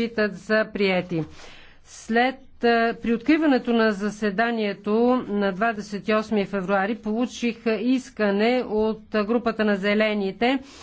считат за приети. След при откриването на заседанието на 28 февруари получих искане от групата на зелените